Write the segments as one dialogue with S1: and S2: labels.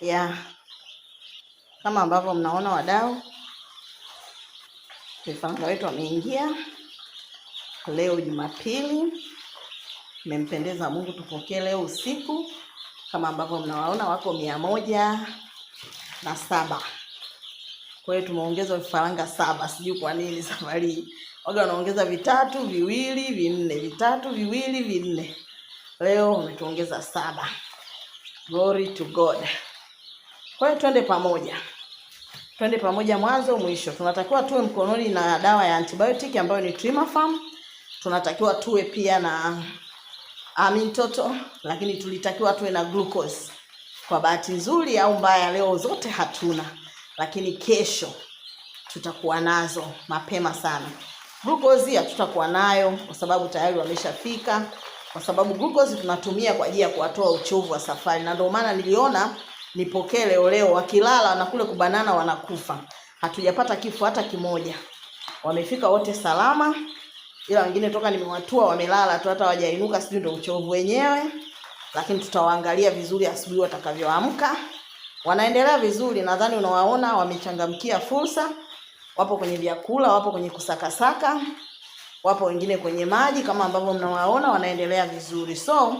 S1: ya kama ambavyo mnaona wadau, vifaranga wetu wameingia leo Jumapili. Mmempendeza Mungu, tupokee leo usiku. Kama ambavyo mnawaona wako mia moja na saba. Kwa hiyo tumeongeza vifaranga saba, sijui kwa nini safari hii waga wanaongeza vitatu viwili vinne, vitatu viwili vinne. Leo wametuongeza saba. Glory to God. Kwa hiyo twende pamoja, twende pamoja mwanzo mwisho. Tunatakiwa tuwe mkononi na dawa ya antibiotic ambayo ni Trimafam, tunatakiwa tuwe pia na amintoto, lakini tulitakiwa tuwe na glucose. Kwa bahati nzuri au mbaya, leo zote hatuna, lakini kesho tutakuwa nazo mapema sana. Glucose hatutakuwa nayo kwa sababu tayari wameshafika, kwa sababu glucose tunatumia kwa ajili ya kuwatoa uchovu wa safari, na ndio maana niliona nipokee leo leo. Wakilala na kule kubanana wanakufa, hatujapata kifo hata kimoja. Wamefika wote salama, ila wengine toka nimewatua wamelala tu, hata wajainuka, Sijui ndio uchovu wenyewe, lakini tutawaangalia vizuri asubuhi watakavyoamka. Wanaendelea vizuri, nadhani unawaona wamechangamkia fursa, wapo kwenye vyakula, wapo kwenye kusakasaka, wapo wengine kwenye maji, kama ambavyo mnawaona wanaendelea vizuri so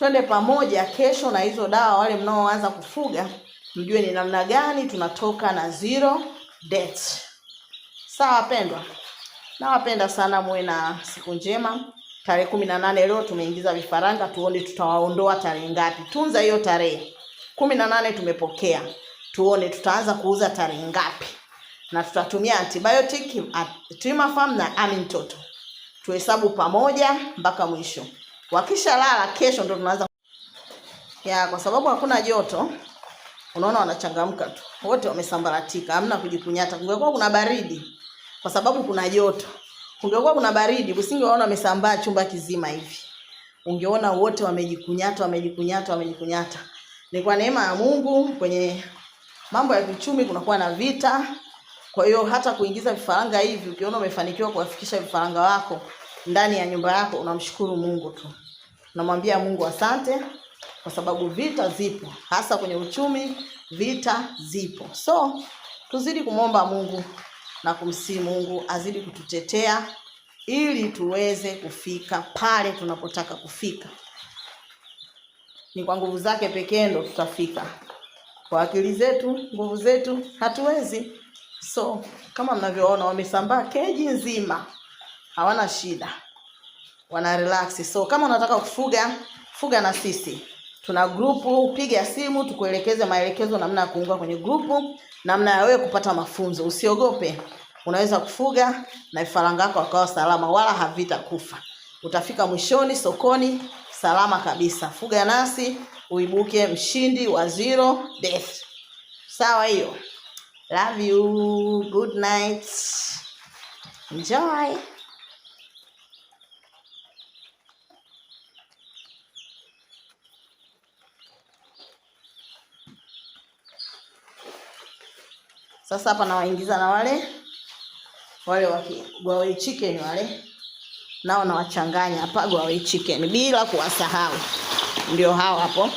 S1: twende pamoja kesho na hizo dawa. Wale mnaoanza kufuga mjue ni namna gani tunatoka na zero debt. Sawa wapendwa, nawapenda sana, muwe na siku njema. Tarehe kumi na nane leo tumeingiza vifaranga, tuone tutawaondoa tarehe ngapi. Tunza hiyo tarehe kumi na nane tumepokea, tuone tutaanza kuuza tarehe ngapi, na tutatumia antibiotic Trimafarm na Amin Toto. tuhesabu pamoja mpaka mwisho. Wakishalala kesho ndo tunaanza ya, kwa sababu hakuna joto, unaona wanachangamka tu wote, wamesambaratika, hamna kujikunyata. Kungekuwa kuna baridi, kwa sababu kuna joto, kungekuwa kuna baridi, usingewaona wamesambaa chumba kizima hivi, ungeona wote wamejikunyata, wamejikunyata, wamejikunyata. Ni kwa neema ya Mungu, kwenye mambo ya kiuchumi kunakuwa na vita. Kwa hiyo hata kuingiza vifaranga hivi, ukiona umefanikiwa kuwafikisha vifaranga wako ndani ya nyumba yako, unamshukuru Mungu tu. Namwambia Mungu asante kwa sababu vita zipo, hasa kwenye uchumi vita zipo. So tuzidi kumwomba Mungu na kumsii Mungu azidi kututetea ili tuweze kufika pale tunapotaka kufika. Ni kwa nguvu zake pekee ndo tutafika, kwa akili zetu, nguvu zetu hatuwezi. So kama mnavyoona, wamesambaa keji nzima, hawana shida wana relax. So kama unataka kufuga, fuga na sisi. Tuna grupu, piga simu tukuelekeze maelekezo namna ya kuunga kwenye grupu, namna ya wewe kupata mafunzo. Usiogope, unaweza kufuga na vifaranga wako wakawa salama, wala havitakufa. Utafika mwishoni sokoni salama kabisa. Fuga nasi uibuke mshindi wa zero death. Sawa hiyo. Love you. Good night. Enjoy. Sasa hapa nawaingiza na wale wale wa chicken wale nao nawachanganya hapa gwawe chicken bila kuwasahau. Ndio hao hapo,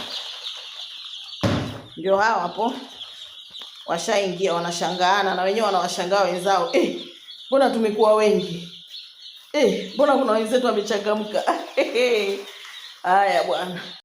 S1: ndio hao hapo, washaingia wanashangaana, na wenyewe wanawashangaa wenzao. Eh, mbona tumekuwa wengi? Eh, mbona kuna wenzetu wamechangamka? Eh, eh, eh. Haya bwana.